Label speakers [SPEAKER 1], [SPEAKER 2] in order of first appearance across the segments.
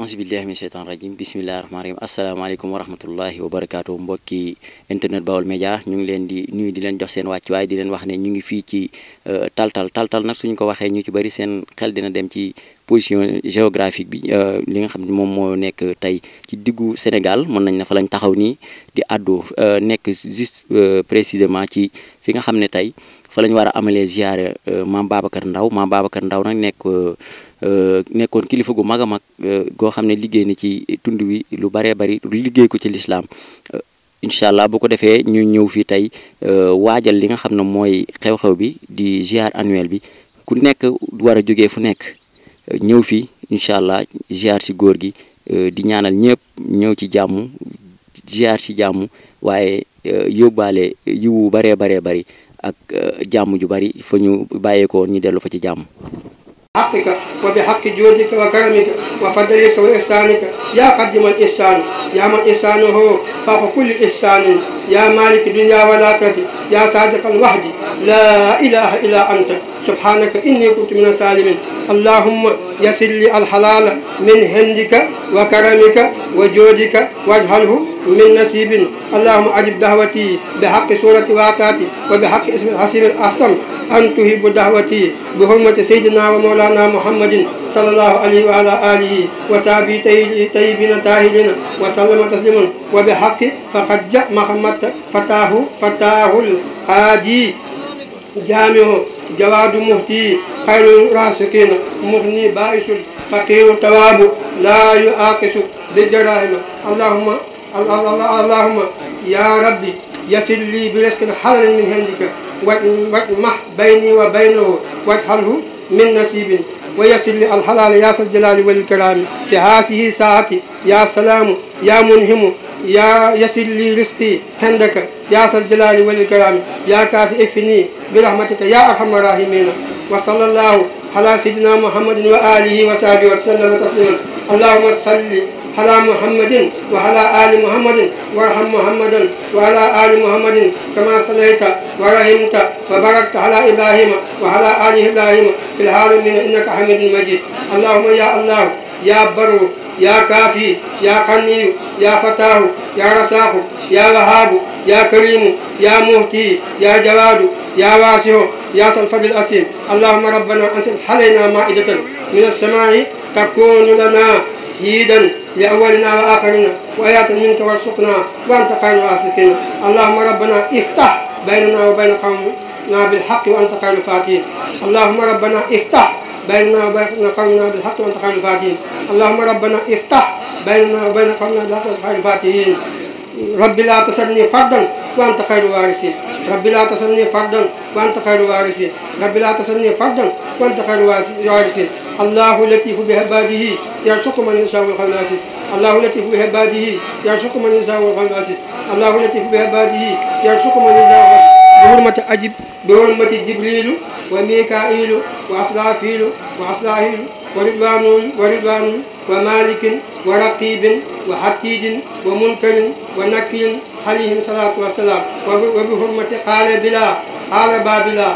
[SPEAKER 1] auzubillahi min sheytaan rajim bisimillahi rahmaan warahmatullahi wabarakatuh mbokki internet Baol meja, ñu ngi di nuyu di leen jox seen wàccuwaay di len wax ne ñu ngi fii ci euh, tal tal Nak suñ ko waxee ñu ci bari sen xel dina dem ci position géographique bi euh, li nga xamni mom mo nek tay ci diggu Sénégal mën nañ na fa lañ taxaw ni di addu euh, nek juste précisément ci fi nga xamne tay fa lañ wara amalé ziaré mam babakar Ndaw mam babakar Ndaw nag nekk Euh, nekkoon kilifa gu mag a mag euh, goo xam ne liggéey na ci tund wi lu baree bari liggéey ko ci lislaam euh, incha allah bu ko defee ñu ñëw fii tey waajal li nga xam ne mooy xew-xew bi di ziar annuel bi ku nekk war a jógee fu nekk ñëw fii incha allah ziar si góor gi di ñaanal ñëpp ñëw ci jàmm ziar si jàmm waaye yóbbaale yiwu baree baree bari ak jàmm ju bari fa ñu bàyyeekoon ñu dellu fa ci jàmm
[SPEAKER 2] حقك وبحق جودك وكرمك وفضلك وإحسانك يا قدم الإحسان يا من إحسانه فوق كل إحسان يا مالك الدنيا والآخرة يا صادق الوحد لا إله إلا أنت سبحانك إني كنت من السالمين اللهم يسر لي الحلال من هندك وكرمك وجودك واجعله من نصيب اللهم أجب دعوتي بحق سورة واقعتي وبحق اسم الحسين الأحسن أن تهب دعوتي بحرمة سيدنا ومولانا محمد صلى الله عليه وعلى آله وصحبه طيبين طاهرين وسلم تسليما وبحق فخج محمد فتاه فتاه القاضي جامع جواد مهتي خير راسكين مغني بائس فقير تواب لا يعاكس بالجرائم اللهم اللهم يا ربي يسر لي برزق حلال من عندك واجمح بيني وبينه واجعله من نصيب ويسر لي الحلال يا ذا الجلال والكرام في هذه ساعتي يا سلام يا منهم يا يسر لي رزقي عندك يا ذا الجلال والإكرام يا كافي اكفني برحمتك يا أرحم الراحمين وصلى الله على سيدنا محمد وآله وصحبه وسلم تسليما اللهم صل على محمد وعلى آل محمد وارحم محمدا وعلى آل محمد كما صليت ورحمت وباركت على إبراهيم وعلى آل إبراهيم في العالمين إنك حميد مجيد اللهم يا الله يا بر يا كافي يا قني يا فتاه يا رساخ يا وهاب يا كريم يا مهتي يا جواد يا واسع يا سلفد الأسيم اللهم ربنا أنزل علينا مائدة من السماء تكون لنا هيدا لأولنا وآخرنا وآيات منك وارزقنا وأنت خير الراسخين اللهم ربنا افتح بيننا وبين قومنا بالحق وأنت خير الفاتحين اللهم ربنا افتح بيننا وبين قومنا بالحق وانت خير الفاتحين اللهم ربنا افتح بيننا وبين قومنا بالحق وانت خير الفاتحين رب لا تسلني فردا وانت خير الوارثين رب لا تسلني فردا وانت خير الوارثين رب لا تسلني فردا وانت خير الوارثين الله لطيف بعباده يرزق من يشاء الخلاص الله لطيف بعباده يرزق من يشاء الخلاص الله لطيف بعباده يرزق من يشاء بحرمة أجيب بحرمة جبريل وميكائيل وأسرافيل وأسرائيل ورضوان ورضوان ومالك ورقيب وحكيد ومنكر ونكير عليهم الصلاة والسلام وبحرمة قال بلا قال بابلا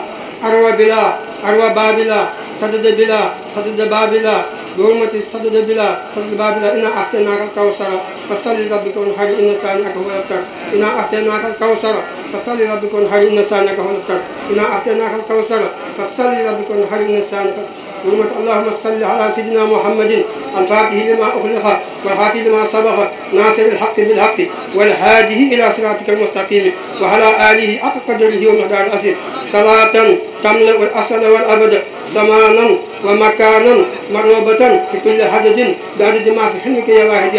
[SPEAKER 2] أروى بلا أروى بابلا سدد بلا سدد بابلا بحرمة سدد بلا سدد بابلا إنا أعطيناك الكوثر فصل لربك وانحر إن شانئك هو الأبتر إنا أعطيناك الكوثر فصل لربك وانحر إن شانئك هو الأبتر إنا أعطيناك الكوثر فصل ربك وانحر إن شانئك ورمت اللهم صل على سيدنا محمد الفاتح لما أغلق والخاتم لما سبق ناصر الحق بالحق والهادي إلى صراطك المستقيم وعلى آله حق قدره ومدار الأسر صلاة تملأ الأصل والأبد زمانا ومكانا مروبة في كل حدد بعد ما في حلمك يا واحد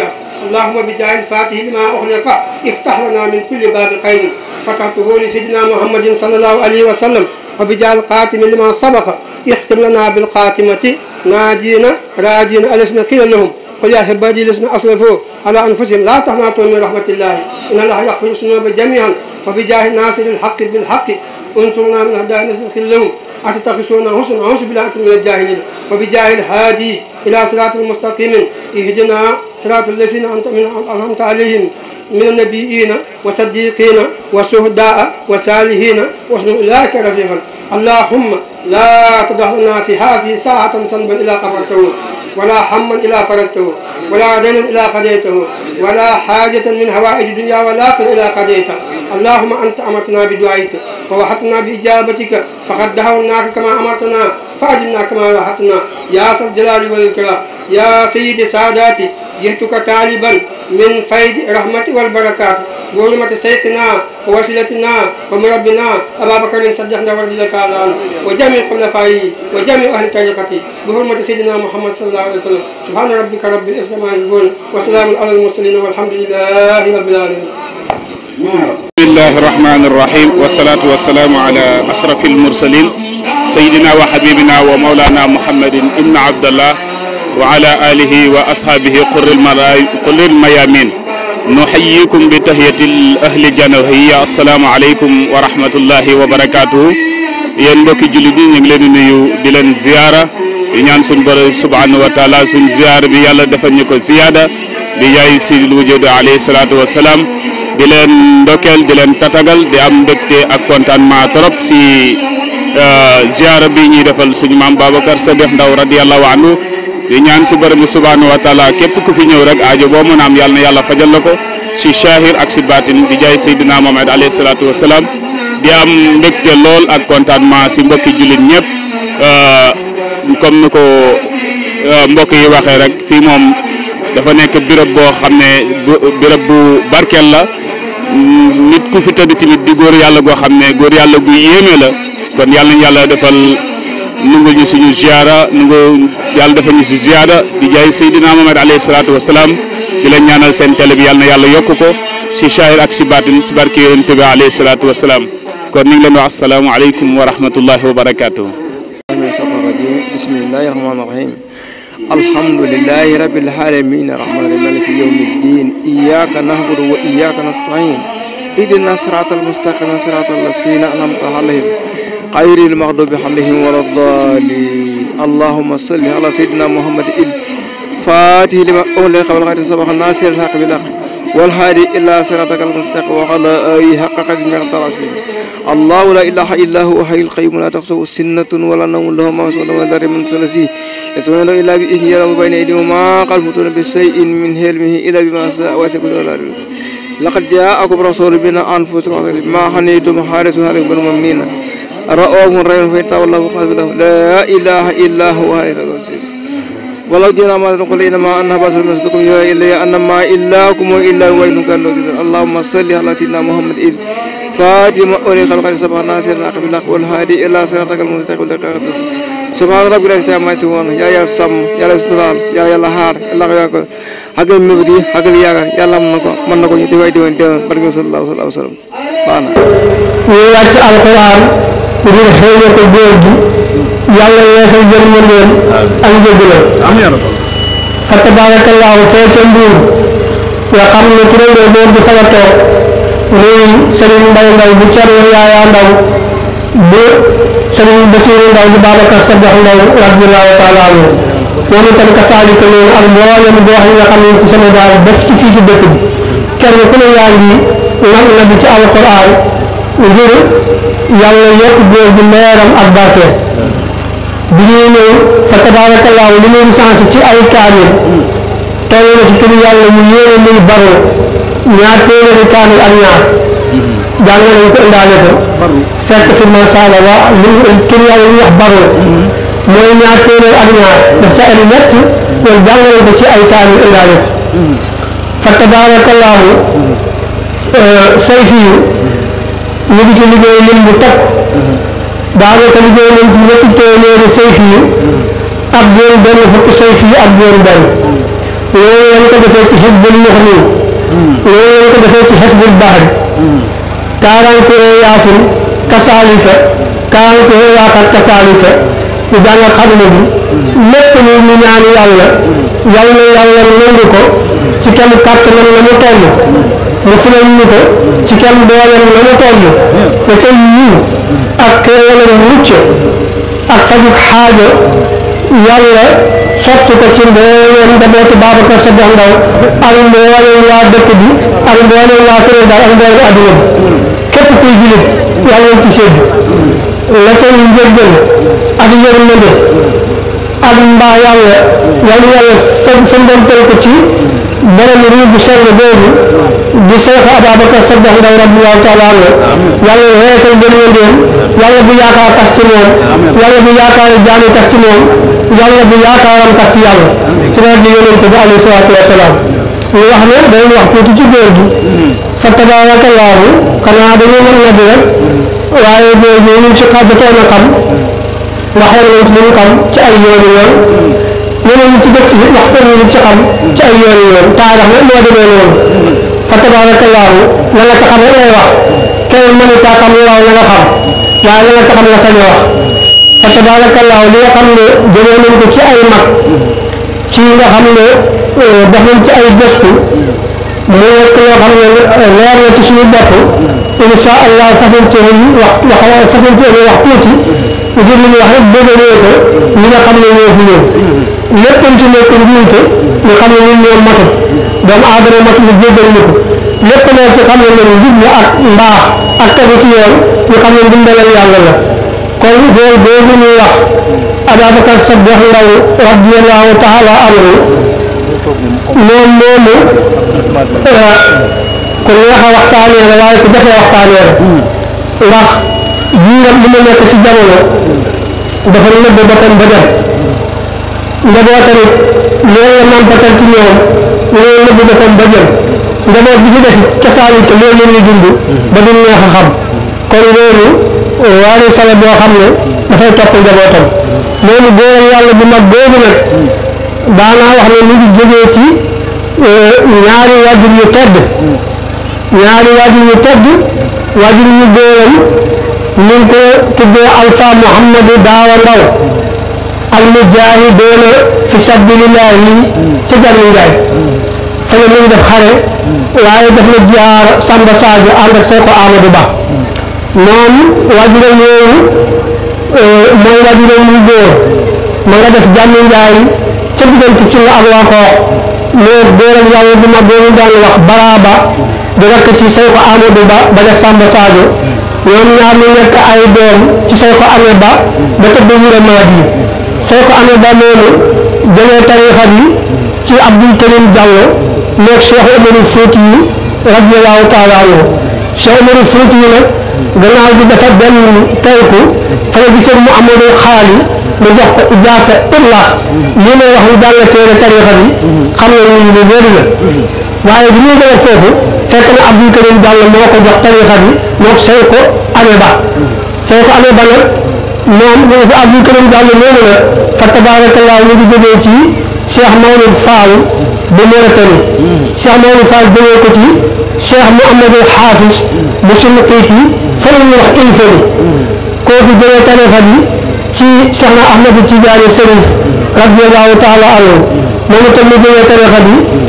[SPEAKER 2] اللهم بجاه الفاتح لما أغلق افتح لنا من كل باب قيد فتحته لسيدنا محمد صلى الله عليه وسلم وبجعل قاتم لما سبق يختم لنا بالقاتمة ناجينا راجينا ألسنا كلا لهم قل يا عبادي أصرفوا على أنفسهم لا تهنأتوا من رحمة الله إن الله يغفر الذنوب جميعا وبجاه ناصر الحق بالحق انصرنا من أعداء الذين كلهم أتتخذون حسنا أعوذ بالله من الجاهلين وبجاه الهادي إلى صراط مستقيم اهدنا صراط الذين أنعمت عليهم من النبيين وصديقين وشهداء وصالحين وحسن أولئك رفيقا اللهم لا تدعنا في هذه ساعة صنبا إلى قبرته ولا حما إلى فرجته ولا دينا إلى قضيته ولا حاجة من هوائج الدنيا والآخرة إلى قضيته اللهم أنت أمرتنا بدعائك ووحدتنا بإجابتك فقد دعوناك كما أمرتنا فأجبنا كما وحدتنا يا ذا الجلال والإكرام يا سيد ساداتي جئتك طالبا من فيض رحمتي والبركات بحرمة سيدنا ووسيلتنا ومربنا أبا بكر صدقنا رضي لك الآن عنه وجميع خلفائه وجميع أهل طريقته بحرمة سيدنا محمد صلى الله عليه وسلم سبحان ربك رب العزة عما يصفون وسلام على المرسلين والحمد لله رب العالمين
[SPEAKER 3] بسم الله الرحمن الرحيم والصلاة والسلام على أشرف المرسلين سيدنا وحبيبنا ومولانا محمد إن عبد الله وعلى آله وأصحابه قر الميامين نحييكم بتهية الأهل جانوهية السلام عليكم ورحمة الله وبركاته ينبك جلدين يملين نيو دلن زيارة ينان سنبر سبحانه وتعالى سن زيارة بيالا دفنكو زيادة بيائي سيد الوجود عليه الصلاة والسلام dilen ndokel dilen tatagal di am mbekté ak contentement trop si ziyara bi ñi defal suñu mam babakar sadiq ndaw di ñaan su borom bi subhanahu wa taala képp ku fi ñëw rek aajo boo mën a am yàlla yàlla fajal la ko si shahir ak si baatin di jaay Seydina Mohamed alayhi salaatu wa salaam di am mbégte lool ak contentement si mbokki jullit ñëpp euh, comme ni ko euh, mbokk yi waxee rek fii moom dafa nekk béréb boo xam ne béréb bu barkeel la nit ku fi tëdd tamit di góor yàlla goo xam ne góor yàlla gu yéeme la kon yàlla yàlla defal. نغوني سيني زيارة نغو يال دفني سيدنا محمد عليه الصلاة والسلام دي لا نيانال
[SPEAKER 4] الحمد لله رب العالمين الرحمن الملك يوم الدين إياك نهبر وإياك نستعين إذن الصراط المستقيم صراط الذين أنعمت عليهم غير المغضوب عليهم ولا الضالين اللهم صل على سيدنا محمد الفاتح لما أغلق والغير صباح الناصر الحق بالحق والهادي الى صراطك المستقيم وعلى اي حق قدر مقدرسه الله لا إله إلا هو حي القيوم لا تقصه سنة ولا نوم له ما سوى سبحانه وتعالى من ثلاثه يسمعون إلا بإذن يرى بين أيديهم وما قلبتون بشيء من هلمه إلا بما ساء وسكن ولا لقد جاءكم رسول بنا أنفسكم ما حنيتم حارس هذا بن wala ra'al fita wala qabilahu la wala illa huwa wala qasim walau wala ma tadkhul wala ma anna wala masdukum ya wala anna ma wala ya wa illa wala ilaka allahumma salli ala sayyidina wala id fatima wala khalqa sabana wala qabil aqwal hadi ila siratal wala daqaqat subhanallah ربك لا استعمى سبحانه يا ya سم يا يا ya يا يا لهار الله يا كل حق المبدي حق الياغر يا الله منكو منكو يتوي دي وين دي بركه صلى الله عليه وسلم بانا ويا القران
[SPEAKER 5] ngir xéewal ko góor gi yàlla yeesal yërmandeem ak njëggalam fa tabaarakallaahu fee ca Mbuur nga xam ne turandoo boobu di fala toog muy Serigne Mbaye bu Cerno Yaaya Ndaw bu Serigne Basiru Ndaw bu Babacar Sadiq Ndaw radiyallaahu taala anhu moom itam kasaalika noonu ak mboolem gox yi nga xam ne ci Sénégal def ci fii ci dëkk bi kenn ku ne yaa yàlla yokk góor gi leeram ak barke bi ñuy ñëw fa tabaarakallaahu li muy sens ci ay kaamil toll na ci turu yàlla ñu yéene muy baro ñaar téeméeri kaamil ak ñaar jàng nañ ko indaale ko fekk fi masaala wa li turu yàlla ñu wax baro mooy ñaar téeméer ak ñaar daf ca am ñett loolu jàng nañ ko ci ay kaamil indaale ko fa tabaarakallaahu euh, sayfi ñu ngi ci liggéey lim bu teg daanaka liggéey nañ ci ñetti téeméeri sayf yi ak juróom benn fukki sayf yi ak juróom benn loolu lañ ko defee ci xisbul nux nii loolu lañ ko defee ci xisbul bahri quarante et un yaasin kasaalika quarante et un yaakat kasaalika ñu jàngal xarnu bi lépp lu ñu ñaan yàlla ko ci kenn kàttanam la mu mu firal ñu ko ci kenn dooleem la mu toll te tey ñii ak xéewalam mucc ak fajug xaajo yàlla sotti ko ci mbooleem njabootu Babacar sa jox ndaw ak mbooleem waa dëkk bi ak mbooleem waa Sénégal ak mbooleem àdduna bi képp kuy jullit yàlla ci sédd la tey njëggal ak yërmande അതുണ്ടായ വഴികളെ സംബന്ധിച്ച് ഫാറ്റാറു കർണാടകം ndax war nañ ci li ñu xam ci ay yoonu yoon yeneen ñi ci gëstu bi wax ko ñu ci xam ci ay yoonu yoon taarix nag moo demee noonu fa tabaarakallaahu la nga ca xam rek lay wax keneen mënu caa xam waaw la nga xam waaye la nga ca xam la sañ wax fa tabaarakallaahu li nga xam ne jëlee nañ ko ci ay mag ci nga xam ne euh, def nañ ci ay gëstu mu nekk loo xam ne euh, leer na ci suñu bopp incha allah sax nañ ci wax wax sax nañ ci wax tuuti ngir li ñu wax rek bëggalee ko ñi nga xam ne ñoo fi ñëw léppante nekkul njuumte ñu xam ne ñun ñoo matul doomu aadama mat ñu jéggal ñu ko lépp loo ci xam ne nag njub la ak mbaax ak tegu ci yoon ñu xam ne ndimbalal yàlla la kon loolu boobu ñuy wax Ababacar Saddex Ndaw radiallahu taala anhu moom moomu ku neex a waxtaanee la waaye ku jafe waxtaanee la ndax lii nag li ma nekk ci jamono dafa nëbb boppam ba dem njabootam it loolu la nampatal ci ñoom loolu nëbb boppam ba dem njaboot bi fi des cosaan it loolu la ñuy dund ba du neex a xam kon loolu waaye sala boo xam ne dafay topp njabootam loolu góoram yàlla bu mag boobu nag daanaa wax ne mu ngi jógee ci euh, ñaari waajur yu tedd ñaari waajur yu tedd waajur yu góoram ñu ngi ko tuddee Alpha Mouhamadou Daawa Ndaw al mujaahidoona fi sabilillahi ci Jallu Njaay fa la ñu ngi def xare waaye def na jihaar Samba Sadio ànd ak Seexu Amadou Ba moom waajuram yooyu euh, mooy waajuram yu góor ma nga des Jallu Njaay ca diggante ci nga ak waa xoox moo góoral ma boobu daan wax baraaba di rakk ci Seexu Amadou Ba ba des Samba Sadio ñoom ñaar ñu nekk ay doom ci say ko amee ba ba tëdd wura maat yi say ko amee tariixa bi ci Abdul Karim Diallo nekk Cheikh Omarou Fouti yi radiyallahu taala anhu Cheikh Omarou Fouti yi nag gannaaw bi dafa dem tayku fa la gisee mu amadou xaali mu jox ko ijaasa ëllaax lii may wax ñu jàng téere tariixa bi xam ne ñu waaye bu ñuy demee foofu fekk na Abdul Karim Diallo moo ko jox tariixa bi moom sooy ko amee ba ba nag moom ñu ngi fi Abdul Karim Diallo noonu la fa tabaarakallaa ñu ngi jógee ci Cheikh Maodo Fall bu Mauritanie Cheikh Maodo Fall jógee ko ci Cheikh Mouhamadou Hafiz mu sunu kii fële ñu wax info bi ci Cheikh Ahmadou Tidiane Chérif radiyallahu taala anhu moom itam mu jógee tarixa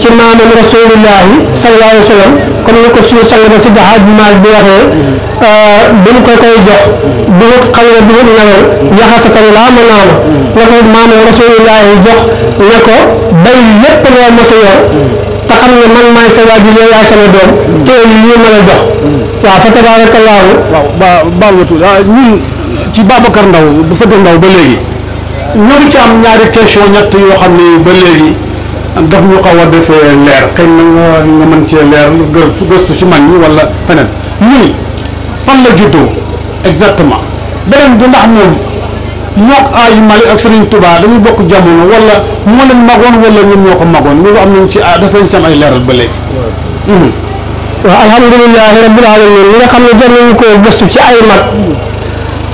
[SPEAKER 5] ci maamam rasulillahi sallallahu alayhi wa sallam comme ni ko suñu maal bi waxee euh, bi jox du wut xaw na du wut nawel yaxasatan laa ma naama na ko maamam rasulillahi jox ne ko bay lépp loo mos a yor te xam man maay sa waajur yow yaay doom te lii ma jox waaw fa
[SPEAKER 6] tabaarakallahu ci Babacar Ndaw bu fëgg Ndaw ba léegi ñoo ngi ci am ñaari question ñett yoo xam ni ba léegi daf ñu xaw a des leer xëy na nga nga mën cee leer su gëstu ci mag ñi wala feneen ñii fan la juddoo exactement beneen bi ndax moom mook ayu Mali ak Serigne Touba dañuy bokk jamono wala moo leen magoon wala ñun ñoo magoon loolu am nañ ci ah des nañ ci am ay leeral ba léegi. waaw alhamdulilah rabbil alamin li nga
[SPEAKER 5] xam ne jar nañu ko ci ay mag.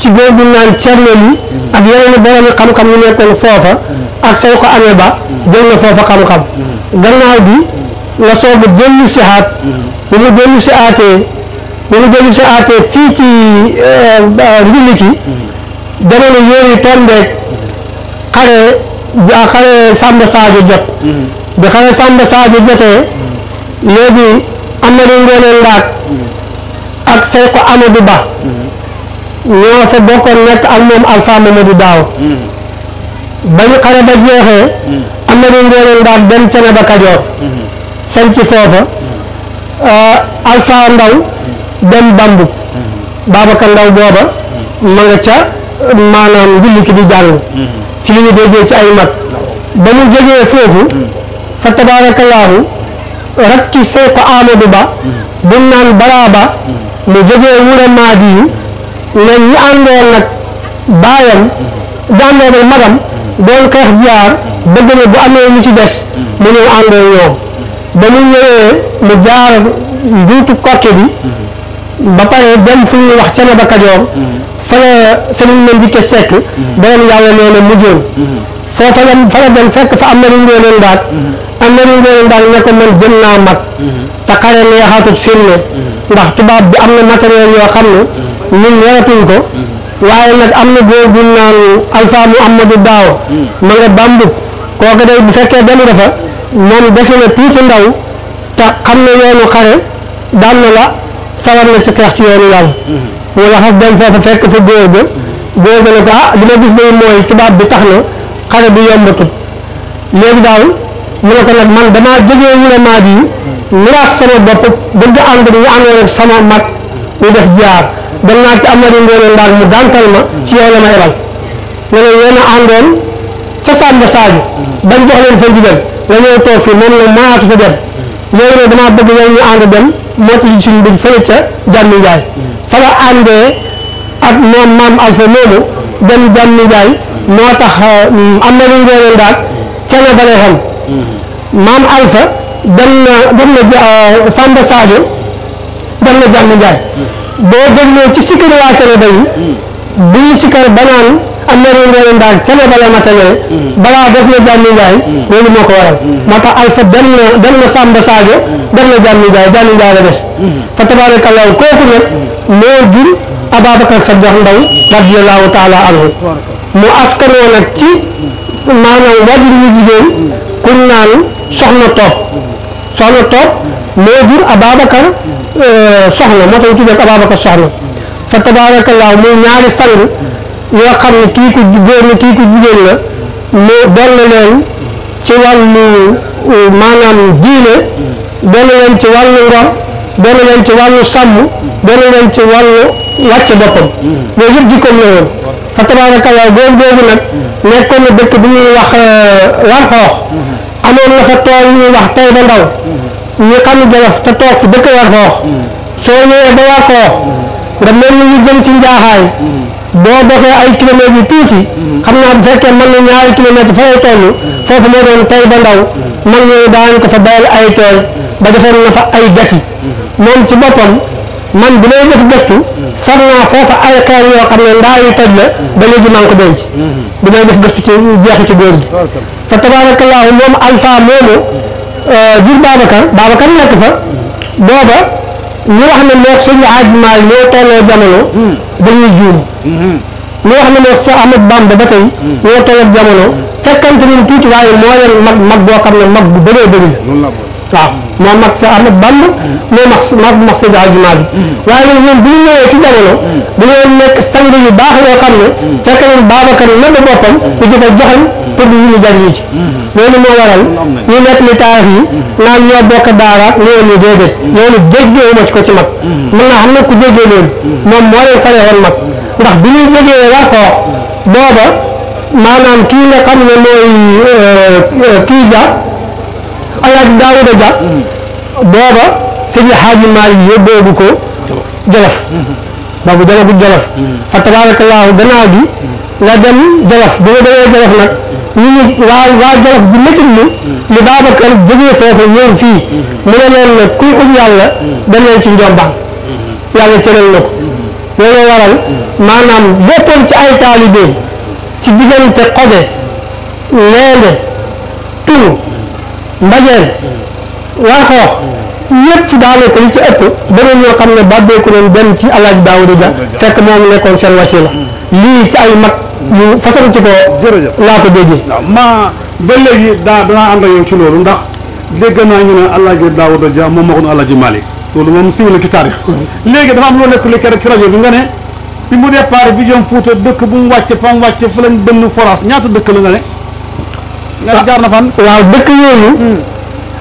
[SPEAKER 5] ci góor gu naan Cerno li ak yeneen borom xam-xam yu nekkoon foofa ak say ko amee ba jël na foofa xam-xam gannaaw bi la soog a dellu si aat bu mu dellu si mu dellu si aatee fii ci euh, ndilliki jamono yooyu tombeeg xare xare Samba Sadio jot bi xare Samba Sadio jotee léegi Amadou Ngoone ak say ko Amadou Ba ñoo fa bokkoon nekk ak moom Alpha Mamadou Daaw bañu xare ba jeexee am na ñu ngeen daan dem cene ba Kajoor sañ ci foofa Alpha Ndaw dem Bambu babaka Ndaw booba ma nga ca maanaam njulli ki di jàng ci li ñu déggee ci ay mag ba mu jógee foofu fa tabaarakallaahu rakki Seeko Amadou Ba bu naan Baraba mu jógee wura maadi yu léegi ñu àndoon nag baayam jàndoon ak magam doon xeex jiyaar bëgg ne bu amee lu ci des mu ñëw àndoon ñoom ba mu mu jaar njuutu kokki bi ba pare dem fu ñuy wax cene ba kajoor fa la sëriñ mën dikke sekk doon yàlla nee na mujjoon foofa dem fa la dem fekk fa am na lu ngeen daal am na lu ngeen daal ne ko man jëm naa mag te xare ndax tubaab bi am na matériel yoo xam ñun yaratuñ ko waaye nag am na góor bu naan Alpha Mouhamadou Daawo ma nga bambug kooku day bu fekkee dem defa fa moom defe na tuuti ndaw te xam na yoonu xare daan na la sawar na ci xeex ci yoonu yàlla wala xas dem foofa fekk fa góor ga góor ga ne ko ah dina gis day mooy tubaab bi tax na xare bi yombatut léegi daal mu ne ko nag man damaa jógee wulamaa bi miraas sama bopp bëgg ànd ñu àndoon ak sama mag ñu def jaar dem naa ci Amari Ngoone Ndaag mu dànkal ma ci yow la ma ebal ne la yéen a àndoon ca Samba Sadio bañ jox leen fa ndigal nga ñëw toog fii moom la maatu fa dem léegi damaa bëgg yow ñu ànd dem mottali suñu mbir fële ca Jàmmi Njaay fa la àndee ak maam Alfa moomu dem Jàmmi Njaay moo tax euh, Amari Ngoone Ndaag ca la xam maam Alfa dem na dem euh, بنگل جان میں جائے دو دن میں چسی کے لئے آچھلے بھئی بیش کر بنان امیر ان میں انداز چلے بلے مطلے بلا دس میں جان میں جائے میں نے موکو آئے مطا آئی فت دن میں دن میں سام بس آگے بنگل جان میں جائے جان میں جائے بس فتح بارک اللہ کو کنے میر جن ابا بکر سب جہاں بھائی رضی اللہ تعالیٰ عنہ مؤسکر و لکچی مانا وزن مجیدین کنان شہن طب شہن طب میدر ابا بکر soxna moo tax ñu tuddee soxna fa tabaarakallaa muy ñaari sang yoo xam ne kii ku góor la la mu doon na leen ci wàllu maanaam diine doon na leen ci wàllu ngor doon leen ci wàllu sàmm doon leen ci wàllu wàcce boppam loolu yëpp jikkoom la woon fa tabaarakallaa góor boobu nag nekkoon na dëkk bi ñuy wax war euh, xoox amoon na fa tool ñuy wax tey ndaw ñi xam jolof te toog fi dëkk war xoox soo ñëwee ba war xoox nga mel ni ñu jëm ci njaaxaay boo doxee ay kilomètres tuuti xam naa bu fekkee mën na ñaari kilomètres fa lay toll foofu moo doon tay ba ndaw mag ñooñu daan ko fa bayal ay tool ba defoon na fa ay gati moom ci boppam man bi lay def gëstu far naa foofa ay xeer yoo xam ne ndaa yu toj la ba léegi maa ngi ko denc bi lay def gëstu ci jeexi ci góor gi
[SPEAKER 7] fa tabaarakallaahu
[SPEAKER 5] moom alpha moomu Euh, jur Babacar Babacar nekk fa booba ñu wax ne moog suñu ajumaal ñoo tolloo jamono dañuy juum ñu wax ne moog sa Ahmad Bamba ba tey ñoo tolloo jamono fekkante ñun tuuti waaye moo leen mag mag boo xam ne mag bu bëree bëri la waaw moo mag sa Ahmad Bamba moo mag mag mag Seydi Hadji Malick waaye nag ñoom bu ñu ñëwee ci jamono dañoo nekk sang yu baax yoo xam ne fekk nañ Babacar yi nëbb boppam di ko joxañ pour ñu ñu jariñu ci loolu moo waral ñu nekk li taarix yi naan ñoo bokk daara ñoo ñu déedéet loolu déggee ma ci ko ci mag mën naa xam ne ku déggee loolu moom moo leen faree woon mag ndax bi ñu jógee war koox booba maanaam kii nga xam ne euh, euh, kii ja Alaaji Daawuda Ja booba sëñ Xaaji Maalik yóbboobu ko Jolof boobu demagu Jolof fa tabaarakallaahu gannaaw gi la dem Jolof bi nga demee Jolof nag ñu ngi waa waa Jolof di métti mu li Babacar jógee foofu ñëw fii mu ne leen ne kuy ut yàlla dem leen ci njombaan yàlla cëral na ko loolu waral maanaam bokkoon ci ay taalibeem ci diggante xoge leende tur ndaje mbajeen ci ñëpp daanaka li ci ëpp bëri ñoo xam ba ne bàbbeeku leen benn ci alaaji Daawuda Ja fekk moom nekkoon seen la mm. lii ci ay mag
[SPEAKER 6] ñu façon ci ko laa ko déggee ma ba léegi daa danaa ànd ak yow ci loolu ndax dégg naa ñu ne alaaji Daawuda Ja moom moo ko nu alaaji Malick loolu moom siiw na ci taarix léegi dafa am loo nekk li keroog ci rajo bi nga ne bi mu départ bi jëm Fuuta dëkk bu mu wàcce fa mu wàcce fa lañ forage ñaata dëkk la nga ne dëkk yooyu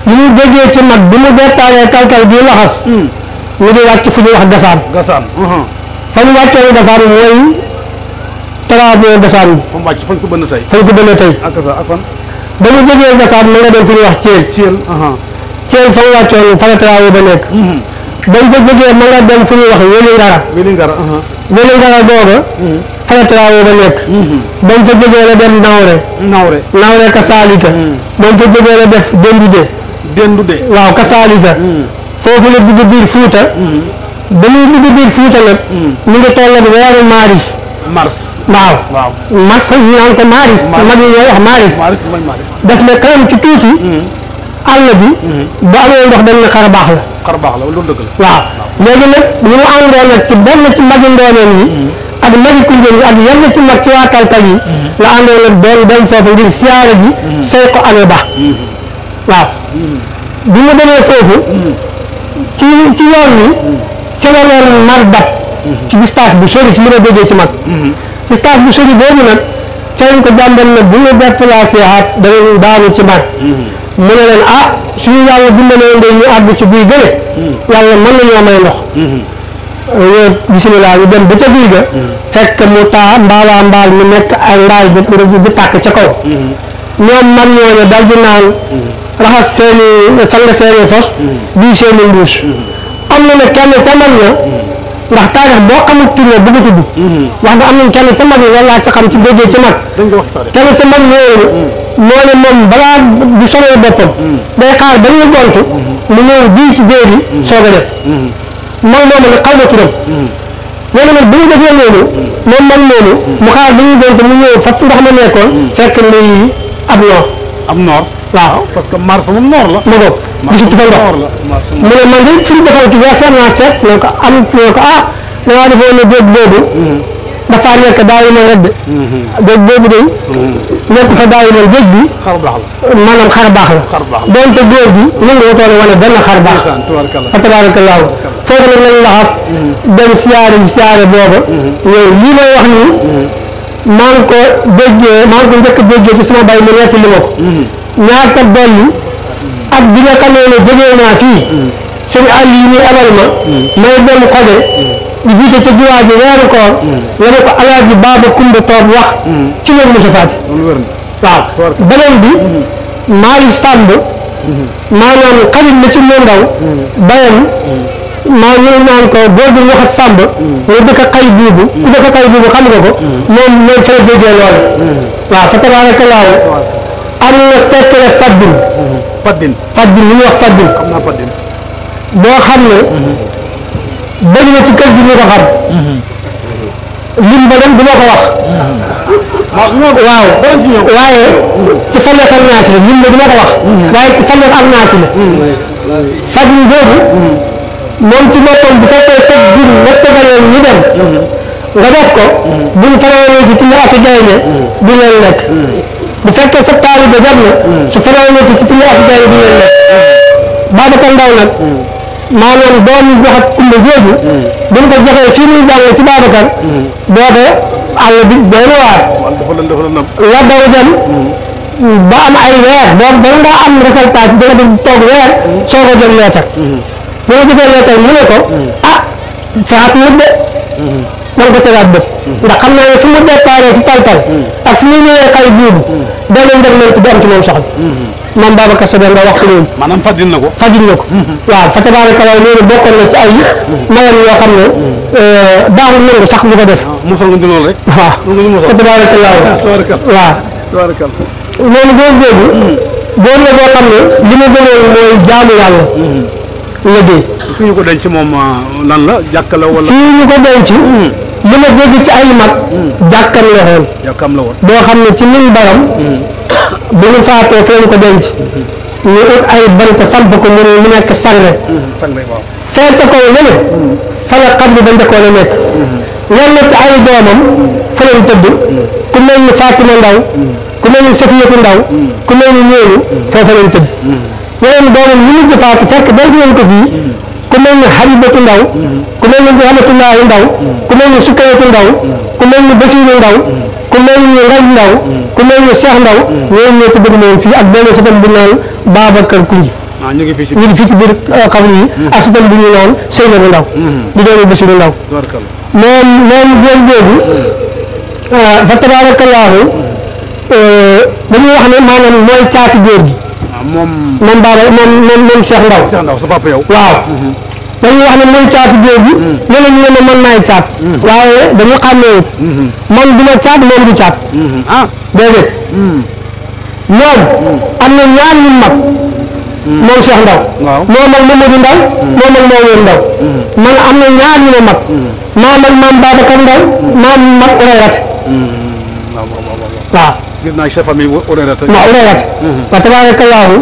[SPEAKER 5] ñu jógee ci mag bi mu bettaalee kalkal di laxas ñu di wàcc
[SPEAKER 6] fu ñuy wax gasaan gasaan fa ñu wàccoo yu gasaan mooy travaux gasaan fañ ko bënn tey ba ñu jógee gasaan mu nga dem fu
[SPEAKER 5] ñuy wax ceel ceel ceel fa ñu wàccoo fa la travaux ba nekk bañ fa jógee ma nga dem fu ñuy wax wéli ngara wéli ngara wéli ngara googa fa la travaux ba nekk. ba mu fa jógee la dem nawre. nawre nawre kasaalika. Mm. ba mu fa jógee la def dendude. dendude waaw kasaalika. Mm. foofu la dugg biir Fuuta. Mm. ba muy dugg biir Fuuta nag. mu ngi toll ak weeru maaris. mars waaw.
[SPEAKER 6] waaw mars
[SPEAKER 5] ñu naan ko maaris. maaris mag ñi wax maaris. maaris mooy maaris. ci tuuti. àll bi. bu amee ndox dañ ne xar baax la.
[SPEAKER 6] xar baax la loolu dëgg la. waaw
[SPEAKER 5] na nag mu àndoon nag ci benn ci magi ndooneen yi. ak magi Koungheul yi ak yenn ci mag ci waa Kalkal yi. la àndoon nag benn dem foofu ngir siyaare ji. sooy ko amee baax. waaw bi mu demee foofu. ci ci yoon wi. ci la leen nar ci distance bu sori ci li ma déggee ci mag. distance bu sori boobu nag. ca lañ ko jàmbal nag bu ñu déplacé aat danañ daanu ci mag. mu ne leen ah suñu yàlla dimbalee ndey ñu àgg ci guy gële yàlla mën nañoo may ndox mm-hmm. yooyu bisimilah ñu dem ba ca guy ga mm-hmm. fekk mu taa mbaalaa mbaal mi nekk ak mbaal bi bu ca kaw
[SPEAKER 7] mm-hmm.
[SPEAKER 5] ñoom man ñoo ne dal di naan raxas seeni sang seeni fos bii seeni mbuus am na ne kenn ca mag ndax taarix boo xamul ne bëgg a tudd wax nga am nañ kenn ca mag ña walla ca xam ci déggee ci kenn ca mag ñooñu loolu moom balaa du sonal boppam day xaar ba ñu gontu mu ñëw bii ci géej gi soog a def man moom nag xaw ma turam loolu nag bu ñu defee loolu moom man loolu mu xaar ba ñu
[SPEAKER 6] gontu mu ñëw fa ndox ma nekkoon fekk muy ab noor ab noor waaw parce que mars moom noor la ma ko
[SPEAKER 7] gisut fa ndox mu ne man de suñu defal ci
[SPEAKER 6] verset naa seet ne
[SPEAKER 5] ko am ne ko ah dangaa defoon ne géej boobu dafa nekk daayima rëdd. géej boobu de. nekk fa daayima géej bi. xar baax la maanaam xar baax la. xar baax la donte góor bi ñu ngi wotoon wane benn xar baax. fa tabaarakallaahu foofu nag lañ laxas. dem siyaare bi siyaare booba. yooyu lii may wax nii. maa ngi ko déggee maa ngi ko njëkk a déggee ci sama bay mu nekk li ma ko. ñaata dolli. ak bi nga xamee ne jógee naa fii. suñu àll yi ñuy abal ma. may dem xoje. di jiite ca jumaa ji weeru koor la mm. ne ko alaaji baaba kumba toog wax mm. ci loolu Moussa Fati waaw beneen bi mm-hmm. Malick Samb
[SPEAKER 7] mm-hmm.
[SPEAKER 5] maanaam xarit na ci moo ndaw mm. bayam maa ngi naan ko boo dul waxat Samb nga dëkk xay buubu ku dëkk xay buubu xam nga ko moom mooy fa la déggee loolu waaw fa tabaaraka laaw am na sekkale faddin mm-hmm. faddin faddin li wax faddin boo xam ne bëri na ci kër gi ñu ko xam. lim ba dem du ma ko wax. waaw waaye ci fanweer ak naasi la lim ba waaye ci fanweer ak naasi la. fajlu moom ci boppam bu fekkee faj ji nekk ba leen ñu dem. nga def ko. buñ fanaanee ci tund ak gaynde bu fekkee sa taalibe dem na. su fanaanee ci tund ak gaynde du leen lekk. maanaam doomu joxat kumba jooju hmm. buñ ko joxee fii muy jàng ci Babacar hmm. boobe àll bi doy na la daw dem hmm. ba am ay weer boo nga am résultat bi da nga dem toog weer soo ko jot leetar bu nga jotee leetar mu ne ko ah faat wut de
[SPEAKER 7] man ko tegaat bët ndax xam naa ne fu mu déparé
[SPEAKER 5] ci tal tal ak fu mu ñëwee xay buubu doo leen dem leen ko ci moom soxla moom Babacar Sobé nga wax loolu.
[SPEAKER 6] maanaam fajil na ko. fajil na ko. Mm-hmm. waaw fa tabaarakallaa loolu bokkoon na ci ay mayam mm-hmm. yoo xam ne daawul mm-hmm. euh, nangu sax ñu ko def. Ah, mosal nga di loolu rek. waaw fa
[SPEAKER 5] tabaarakallaa waaw. loolu boo góobu. góob la boo xam ne
[SPEAKER 6] li mu gënoon mooy jaamu yàlla. liggéey. fii ñu ko denc moom ah, lan la jàkka la wala. fii ko denc. li ma dégg ci ay mag jàkkam la woon
[SPEAKER 7] jàkkam la woon boo
[SPEAKER 5] xam ne ci min baram
[SPEAKER 7] bu ñu faatee feeñ ko denc
[SPEAKER 5] ñu ut ay bant samp ko mu ne mu nekk sangre fee ca kaw lene fa la xam ne ba njëkkoon a nekk ñenn ci ay doomam fa lañ tëdd ku mel ni Fatima Ndaw ku mel ni Safiyatu Ndaw ku mel ni ñooñu foofa lañ tëdd yeneen doomam ñu mujj faatu fekk denc nañ fii ku mel ni Habibatu Ndaw ku mel ni Rahmatullaahi Ndaw ku mel ni Sukkayatu Ndaw ku mel ni Basiru Ndaw ku mel ni Ndaw ku mel ni Cheikh Ndaw ñooñu fii ak benn sotam bu naan Babacar Kunji
[SPEAKER 6] ah, ñu ngi fii ci biir xam euh, yi mm-hmm. ak sotam bu ñu naan Seynabu Ndaw mm-hmm. di doomu Basiru Ndaw
[SPEAKER 5] moom moom góor boobu euh, fa tabaarakallaahu euh, dañuy wax ne maanaam mooy caati góor gi Ah, moom moom Baba moom moom moom Cheikh Ndaw Cheikh Ndaw sa papa yow waaw mm-hmm. dañuy wax ne mooy caatu jooju mm-hmm. ne la ñu man maay caat mm-hmm. waaye dañu xàmmeewut man du ma caat moom du caat ah moom am na ñaar ñu mag moom Cheikh Ndaw moom ak Mamadou Ndaw moom ak Maodo Ndaw man mag maam ak
[SPEAKER 6] waaw gis naa sa famille Honorata waaw Honorata fa tabaarakallaahu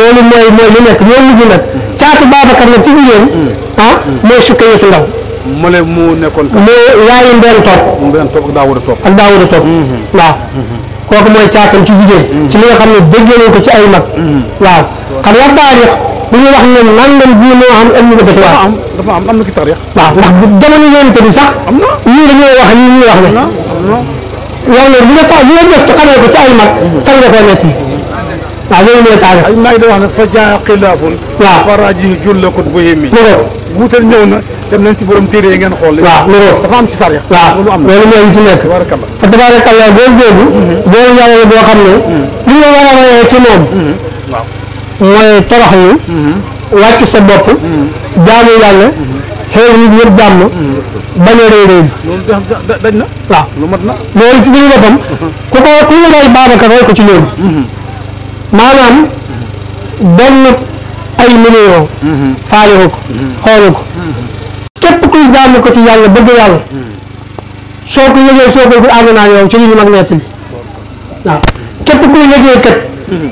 [SPEAKER 6] loolu mooy mooy lu nekk loolu lu mm-hmm. caatu Babacar nag ci jigéen mm-hmm. Ah, mm-hmm. mooy Sukayatu Ndaw mu ne mu nekkoon mu yaayu Mbeen Top Mbeen Top ak Daawuda Top ak Daawuda Top
[SPEAKER 5] waaw kooku mooy caatam ci jigéen ci li nga xam ne déggee nañ ko ci ay mag waaw
[SPEAKER 6] xam nga taarix bu ñu wax ne nangam moo am am na dafa am dafa am am na ki taarix waaw ndax wax ñii wax
[SPEAKER 7] ne
[SPEAKER 5] yàlla
[SPEAKER 6] lu nga fa lu nga njort xamee ko ci ay mag sañ nga koo nekk waaw loolu mooy taal ay mag da wax ne fa jaa xilaafun waaw faraji jullakut bu yemi mu ko wuutal ñëw dem nañ ci borom téere yi ngeen xool waaw mu ko dafa am ci sar waaw loolu mooy ci nekk fa tabarakallah boobu mm-hmm. boobu boobu yàlla boo xam ne mm-hmm. li nga war a royee ci moom
[SPEAKER 7] mm-hmm. mooy toroxlu
[SPEAKER 5] sa bopp jaamu xëy na
[SPEAKER 7] ñëpp jàmm. bañ a rëy rëy. loolu
[SPEAKER 6] dañ na. waaw lu mat na. loolu ci suñu boppam.
[SPEAKER 7] ku ko ku ñu rey Babacar rey ko ci mhm. maanaam
[SPEAKER 5] benn ay millions. Mhm. faale ko ko. Mhm. xooloo ko. képp kuy jàmm ko ci yàlla bëgg yàlla. soo ko yëgee soo ko ànd naa ci li ñu mag nettali waaw képp kuy yëgee kat.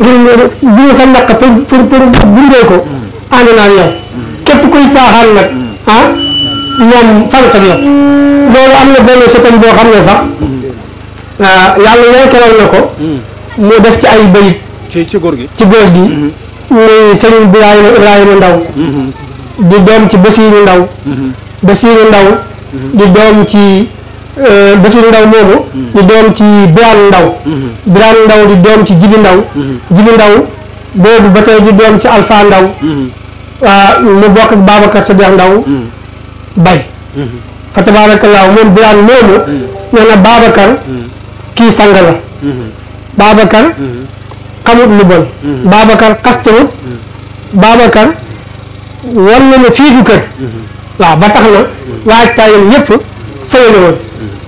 [SPEAKER 5] ngir ngir sa nag. ah ñoom farata ñoom loolu am na benn sëtam boo xam ne sax ah yàlla yankalal na ko mu def ci ay bayit ci ci góor gi ci góor gi mm-hmm. muy sëriñ Birahima Ibrahima Ndaw mm-hmm. di doom ci Basiiru Ndaw mm-hmm. Basiiru Ndaw di doom ci euh, Basiiru Ndaw moomu di doom ci Biraan Ndaw Biraan Ndaw di doom ci Jibi Ndaw Jibi Ndaw boobu ba tey di doom ci Alpha Ndaw Ah, mu bokk ak Babacar Sadikh Ndaw mm. bay
[SPEAKER 7] mm-hmm. fa tabaarakallaahu moom biraan moomu mm-hmm. nee na Babacar mm-hmm.
[SPEAKER 5] kii sang la Babacar xamut lu bon Babacar xastawut ne fii du kër waaw ba tax na
[SPEAKER 6] waajtaayam yëpp fële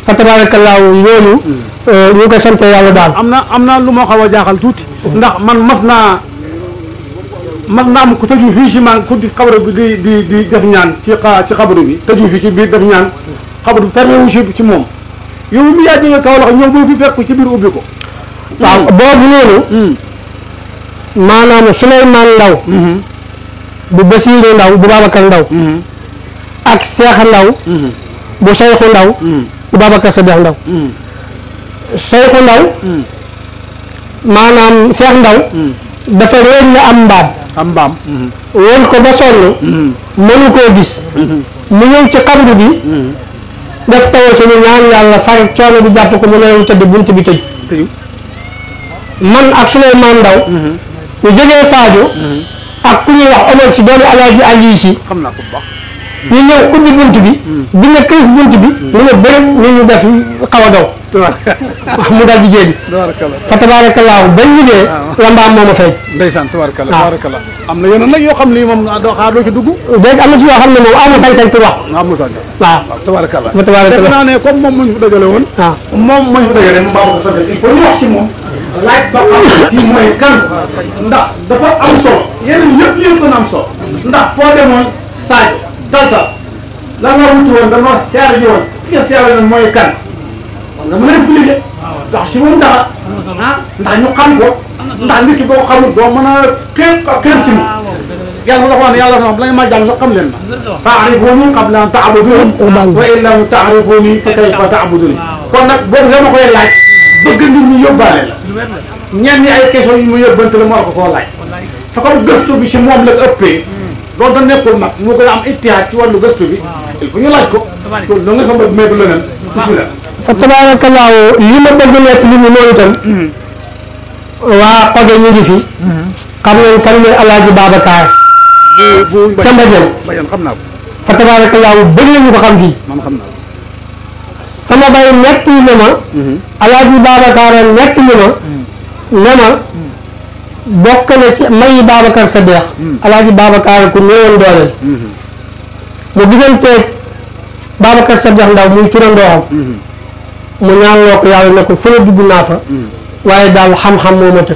[SPEAKER 6] fa tabaarakallaahu loolu euh, ñu ko sante yàlla daal am na am na lu ma xaw a jaaxal tuuti man mas mas naa am ku tëju fii ci man ku di xabaru bi di def ñaan ci xa ci bi tëju fii ci biir def ñaan xabaru bi fermé wu ci moom yow mi yaa jógee Kaolack ñëw boo fi fekk ci biir ubbi ko waaw hmm. boobu noonu hmm. maanaam Souleymane
[SPEAKER 5] Ndaw hmm. bu Ndaw bu Babacar Ndaw ak Seex Ndaw bu Sayxu Ndaw bu Babacar Sadex Ndaw Sayxu Ndaw
[SPEAKER 7] maanaam Seex Ndaw dafa réer na am
[SPEAKER 6] mbaam. am mbaam.
[SPEAKER 7] won
[SPEAKER 5] ko ba sonn. mënu koo gis. mu ñëw ci xabru bi. def tawoo suñu ñaan yàlla far coono bi jàpp ko mu ne tëdd bunt bi tëj. man ak Souleymane Ndaw mhm. ñu jógee Sadio. Mhm. ak ku ñuy wax Omar si doomu Alaaji Ali si. xam naa ñu ñëw ubbi bunt bi. bi nga ne bërëb ñu ñu def xaw a daw. wax mu daal jigéen ñi.
[SPEAKER 6] fa tabaarakallaahu bañ ñu dee. lambaam moom a feeñ. am na yeneen nag yoo xam ne moom doo xaar doo ci dugg. dégg am na ne moom amul sañ-sañ pour wax. amul sañ-sañ waaw tabaarakalla. fa tabaarakalla moom muñ fi dajale moom muñ fi dajale moom. laaj ba xam a am tanta la nga wuti woon da nga siyaare ji woon ki nga siyaare woon mooy kan war nga mën a expliquer wax si moom dara ah ndax ñu xam ko ndax nit ki boo xamul doo mën a xeex xeex ci moom yàlla dafa wax ne yàlla dafa wax la ngeen maa jàmm sax xam leen ma taarifuni qabla an taabuduni wa in lam taarifuni fa kayfa taabuduni kon nag boo defee ma koy laaj bëgg nit ñi yóbbaale la ñenn ñi ay question yu mu yóbbante la mu war ko koo laaj te comme gëstu bi si moom la ëppee doon te nekkul nag moo gën a am ittihaad ci wàllu gëstu bi il faut ñu laaj ko loolu la nga xam ne mais du leneen bismillah fa tabaarakallaahu li ma bëgg
[SPEAKER 5] nekk li ñu loolu itam hmm. waa xoge ñu ngi fi hmm. xam ngeen kan naa ko fa xam fii sama bay nett hmm. ne ma alaaji Babacar nett yi ne ma ne ma bokk na ci mayi Babacar Sadikh mm. alaaji Babacar ku néewoon doole mm-hmm. mu digganteeg Babacar Sadikh ndaw muy turandoowam mm-hmm. mu ñaan loo ko yàlla ne ko fu la dugg naa fa mm-hmm. waaye daal xam-xam moo ma të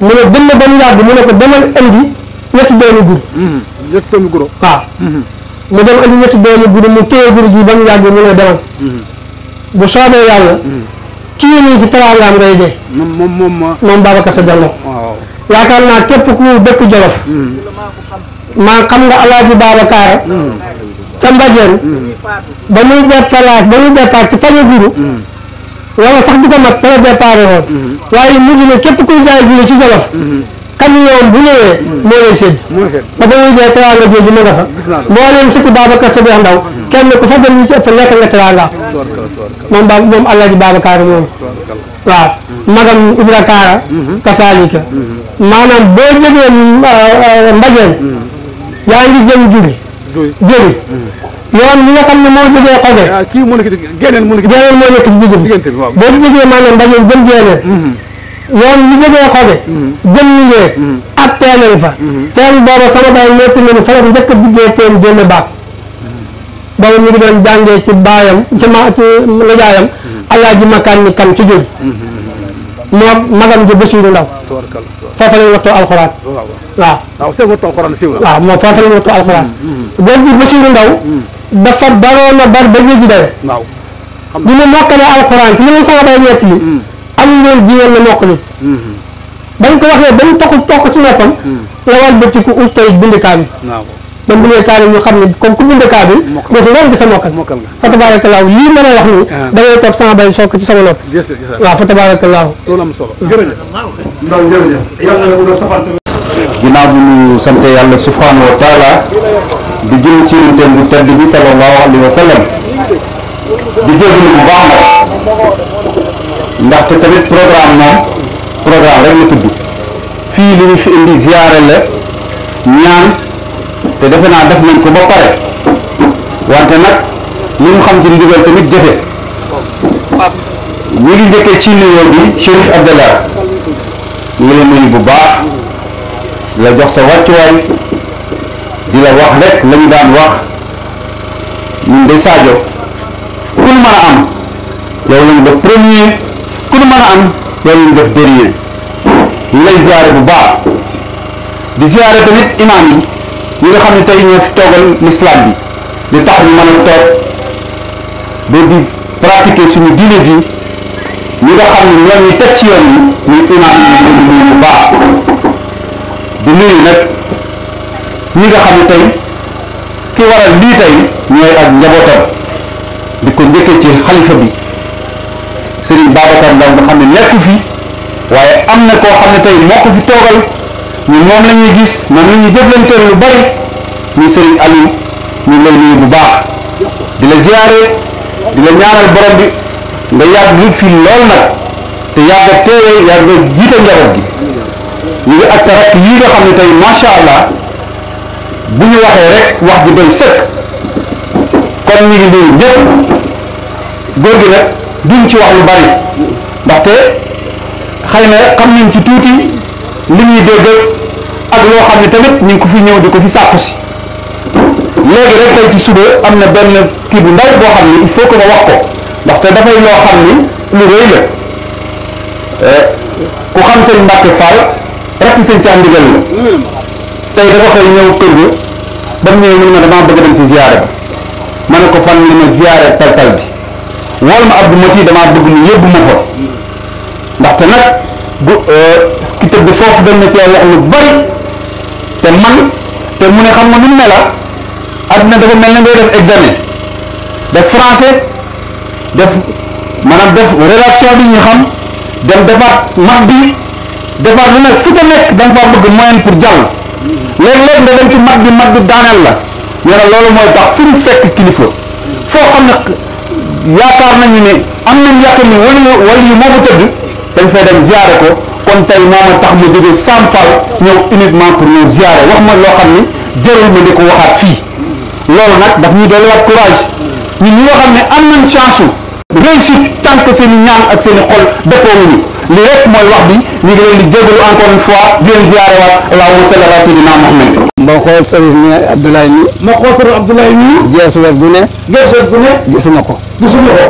[SPEAKER 5] mu ne dem na ba yàgg mu ne ko demal indi ñetti doomi guru waaw mu dem indi ñetti doomi guru mu téye guru ji ba mu yàgg mu ne demal bu soobee yàlla kii nii ci teraangaam ngay dee.
[SPEAKER 7] moom moom moom Babacar Sa Diallo. waaw yaakaar
[SPEAKER 5] naa képp ku dëkk Jolof. Hmm.
[SPEAKER 7] maa xam nga Alaaji Babacar. Hmm.
[SPEAKER 5] ca Mbadiène. Hmm. ba muy départ ba muy départ ci Pagne Guru. wala sax di ko mat ca la départ woon. waaye mujj na képp kuy jaay guru ci Jolof. camion bu ñëwee hmm. moo lay sédd ba ba muy ñëwee teraanga jooju ma nga fa moo leen sukk Babacar sa beex hmm. kenn ku fa dem ñu ci ëpp lekk nga teraanga moom ba moom Alaaji Babacar moom waaw hmm. magam Ibra Kaara kasaalika maanaam boo jógee euh, euh, mbajeen yaa ngi jëm juri juri
[SPEAKER 6] yoon li nga xam ne moo jógee xoge géneen ah, moo nekk ci digg bi boo jógee maanaam mbajeen jëm géneen yoon li jógee xobe jëm ñu ngee mm-hmm. ab
[SPEAKER 5] teelal fa mm-hmm. teel booba sama baay netti ni fa njëkk a duggee teen génn baat mm-hmm. booba mi ngi doon jàngee ci baayam ci ma ci nijaayam alaaji makaan ci jur moo magam ji Basiiru Ndaw
[SPEAKER 6] foofa lañ wattoo alxuraan waaw waaw seen wattoo alxuraan siiw la waaw moom foofa lañ wattoo alxuraan góor gi Basiiru Ndaw
[SPEAKER 5] dafa baroon na bar ba jéggi dawe waaw di mu mokkale alxuraan si li ma sama baay netti li am loolu jiwoon na mokkali bañ ko waxee bañ tokk tokk ci noppam la wal bëcc ku ut tey bind kaamil ba bindee kaamil ñu xam ne comme ku bind kaamil dootu loolu gis a mokkal fa tabaarakallaahu lii mën a wax nii ah. da ngay toog bay soog ci sama nopp
[SPEAKER 6] waaw fa tabaarakallaahu loolu hmm. bu safante yàlla subhaanahu wa taala di jël ci yonenteem bu tedd bi sallallahu alayhi wa sallam di baax ndaxte tamit programme moom programme rek la tudd fii li indi ziyaare la ñaan te defe naa def nañ ko ba pare wante nag li ñu xam ci ndigal tamit jëfe ñu ngi njëkkee ci nuyoo bi Chérif Abdallah ñu ngi leen bu baax la jox sa wàccuwaay di la wax rek la ñu daan wax ñun de Sadio ku ñu mën a am yow mën a am yow ñu def dernier ziare bu baax di ziare tamit imaam yi ñi nga xam ne tey ñoo fi toogal l'islam bi di tax ma mën a toog ba di pratiquer suñu diine ji ñi nga xam ne ñoom ñu teg ci yoon yi nga xam ne tey ki waral lii tey ñooy ak njabootam di ko njëkkee ci xalifa sëriñ Babacar Ndaw nga xam ne nekku fi waaye am na koo xam ne tey moo fi toogal ñun moom la ñuy gis moom la ñuy jëflanteel lu bari ñu Serigne Aliou ñu ngi lay bu baax di la ziyaare di la ñaanal borom bi nga yàgg fi lool nag te yàgg a teewee yàgg a jiite njaboot gi ñu ngi ak sa rakk yii xam ne tey macha allah bu ñu waxee wax ji doy sëkk kon ñu ngi nuyu ñëpp gi nag. duñ ci wax lu bari ndaxte xëy na xam nañ ci tuuti li ñuy dégg ak loo xam ne tamit ñu ngi ko fi ñëw di ko fi sàkku si léegi rek tey ci suba am na benn kii bu ndaw boo xam ne il faut que ma wax ko ndaxte dafay loo xam ni lu rëy la eh, ku xam sëñ Mbàkke Fall rakk sëñ si am ndigal la tey dafa xëy ñëw kër ga ba mu ñëwee mu ne ma damaa bëgg dem ci ziyaare ba ma ne ko fan li ma ziyaare tal tal bi wol ma Abdou Mati damaa bëgg ñu yóbbu ma fa ndaxte nag bu ki tëdd foofu dañ na cee wax lu bari te man te mu ne xam nga nu mu ne la àdduna dafa mel ne ngay def examen def français def maanaam def rédaction bi ñu xam dem defaat mag bi defaat lu nekk fu ca nekk da nga faa bëgg moyen pour jàll léeg-léeg nga dem ci mag bi mag bi daaneel la ñu ne loolu mooy tax fu mu fekk kilifa foo xam ne. yaakaar nañu ne am nañ yaakaar ni wali wali moo fa tëdd dañ fay dem ziare ko kon tey moom a tax ma jóge Sam Fall ñëw uniquement pour ñëw ziare wax ma loo xam ne jërul ma di ko waxaat fii loolu nag daf ñuy dolliwaat courage ñun ñi nga xam ne am nañ chance su réussite tant que seen i ñaan ak seen i xol dëppoo wuñu li rek mooy wax bi ñu ngi leen di jégalu encore une fois di leen ziare waat allahumma salli ala sayyidina Muhammad ma xool sëriñ mi Abdoulaye mi. ma xool sëriñ Abdoulaye mi. geesu wet gu ne. geesu wet gu ne. gisuma ko. gisuma ko.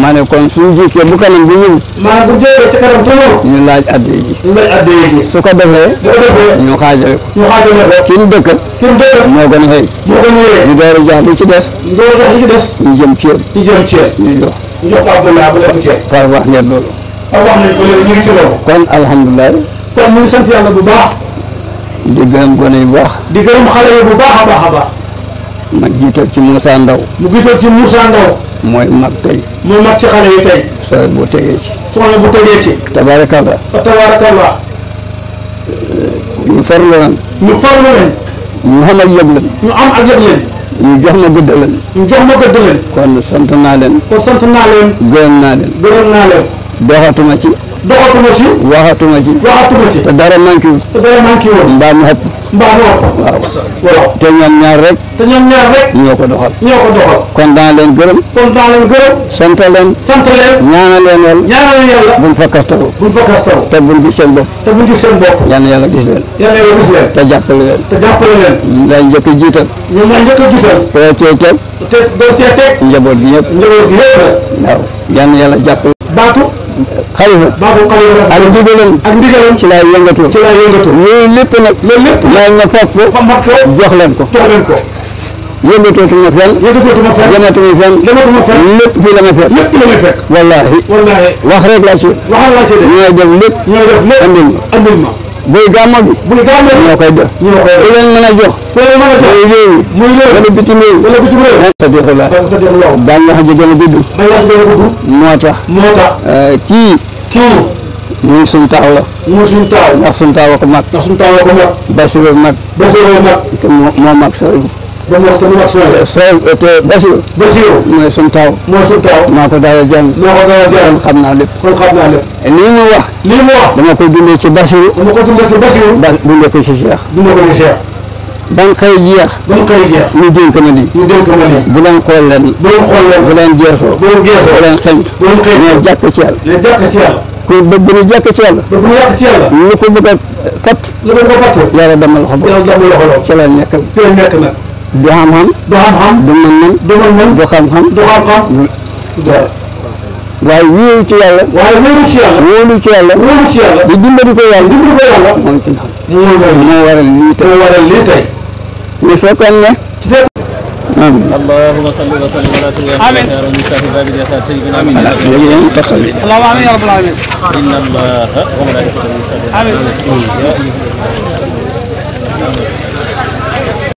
[SPEAKER 6] maa ne kon suñu jikkee bu kanam bi ñëw. maa bu jëlee ci kanam tuuti. ñu laaj addee ji. ñu laaj addee ji. su ko defee. su ko defee ñu xaajale ko. ñu xaajale ko. ki mu dëkk. ki mu dëkk moo gën a xëy. moo gën a xëy. ñu door a jox li ci des. ñu door a jox li ci des. ñu jëm ci yéen. ñu jëm ci yéen. ñu jox. ñu jox ko Abdoulaye bu lekk ceeb. par wax ngeen loolu. par wax nañ ko léegi ñu ngi ci loolu. kon alhamdulilah. kon ñu ngi sant yàlla bu baax. di gërëm gone yu baax. di gërëm xale yi bu baax a baax a baax. ma jiital ci Moussa Ndaw. mu jiital ci Moussa Ndaw. mooy mag tey. mooy mag ci xale yi tey. sooy bu tegee ci. sooy bu tegee ci. tabaarakalla. tabaarakalla. ñu farlu leen. ñu farlu leen. ñu am ak yëg leen. ñu am a yëg leen. ñu jox ma gëdd leen. ñu jox ma gëdd leen. kon sant naa leen. kon sant naa leen. gërëm naa leen. doxatuma ci. doxatuma ci waxatuma ci waxatuma ci te dara manki wu te dara manki wu mbaam yang yang xep yang yang te ñoom ñaar rek te ñoom ñaar rek ñoo ko doxal ñoo ko doxal kon daa leen gërëm kon daa leen gërëm sant leen sant yang yang leen yàlla yang yang yàlla buñ fakkastaw buñ yang te buñ yang seen bopp te buñ gis seen yang yang yàlla gis leen yàlla yàlla gis leen te jàppale leen te jàppale leen dañ njëkk jiital ñoom dañ njëkk jiital te te te te te te njaboot gi yëpp njaboot gi yëpp waaw yàlla yàlla jàppale xalifa baaxul xalifa ak ndigalam ak ndigalam ci laay yëngatu ci laay yëngatu loolu lépp nag loolu lépp laay nga fab ko fab ko jox leen ko jox leen ko yëngatootuma fenn yëngatootuma fenn dematuma fenn dematuma fenn lépp fii la ma fekk lépp la ma fekk wallaahi wallaahi wax rek laa ci wax laa ci de ñooy def lépp ñooy def lépp andil ma andil ma buy gàmmo bi. buy gàmmo bi ñoo koy def. ñoo koy def ku leen mën a jox. ku leen mën a jox muy réew yi. muy réew wala bitim réew. wala bitim réew. sadiqullah. sadiqullah. daañu wax ji gën a gudd. may wax gën a gudd. moo tax. moo tax. Euh, kii. kii. muy suñu taaw la. muy suñu taaw. ndax suñu taaw ko mag. ndax suñu taaw ko mag. Basiru mag. Basiru mag. moo mag sa ba mu wax te mu wax Sohaïb. Sohaïb eh, te Basiru. Basiru mooy sunu taaw. mooy sunu taaw. maa ko daal jàng. maa ko daal jàng. xam naa lépp. kon xam naa lépp. Eh, lii mu wax. lii mu wax. dama koy dundee ci Basiru. dama ko dundee ci Basiru. ba dundee ko ci Cheikh. dundee ko ci Cheikh. ba nga koy jeex. ba nga koy jeex. ñu dénk ma lii. ñu dénk ma lii. bu leen xool leen. bu leen xool leen. bu leen jeexoo. bu leen jeexoo. bu leen xeñ. bu leen xeñ. mais jàkk ci yàlla. mais jàkk ci yàlla. ku bëgg ñu jàkk ci yàlla. bëgg ñu jàkk ci yàlla. lu ko bëgg a fat. lu ko bëgg a fat. yàlla dama loxo ba. yàlla dama loxo ba. ci la nekkal. ci la nekk nag. du xam-xam. du xam-xam du mën-mën. du mën-mën du xam-xam. du xam-xam. waaye wéeru ci yàlla. waaye wéeru ci yàlla. wóolu ci yàlla. wóolu ci yàlla. di dimbali ko yàlla. dimbali ko yàlla. moom ci xam. moo waral lii tey. moo waral lii tey. ñu fekkoon ne. ci fekk. amiin. allahumma salli wa sallim ala sayyidina. amiin. amiin. amiin.
[SPEAKER 7] amiin. amiin. amiin.